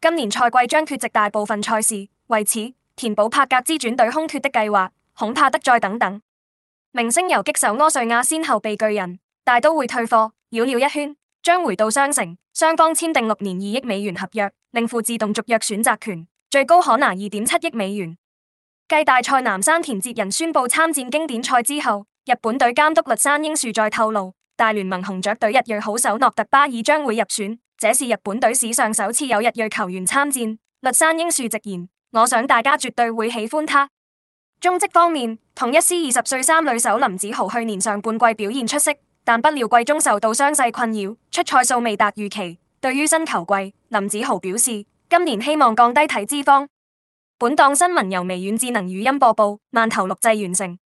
今年賽季將缺席大部分賽事，為此填補帕格之轉隊空缺的計劃恐怕得再等等。明星遊擊手柯瑞亞先後被巨人、大都會退貨繞了一圈，將回到雙城，雙方簽訂六年二億美元合約，另附自動續約選擇權，最高可拿二點七億美元。繼大賽南山田哲人宣布參戰經典賽之後，日本隊監督栗山英樹再透露，大聯盟紅雀隊日裔好手諾特巴爾將會入選。這是日本隊史上首次有日裔球員參戰。栗山英樹直言：我想大家絕對會喜歡他。中職方面，同一師二十歲三壘手林子豪去年上半季表現出色，但不料季中受到傷勢困擾，出賽數未達預期。對於新球季，林子豪表示：今年希望降低體脂肪。本檔新聞由微軟智能語音播報，慢頭錄製完成。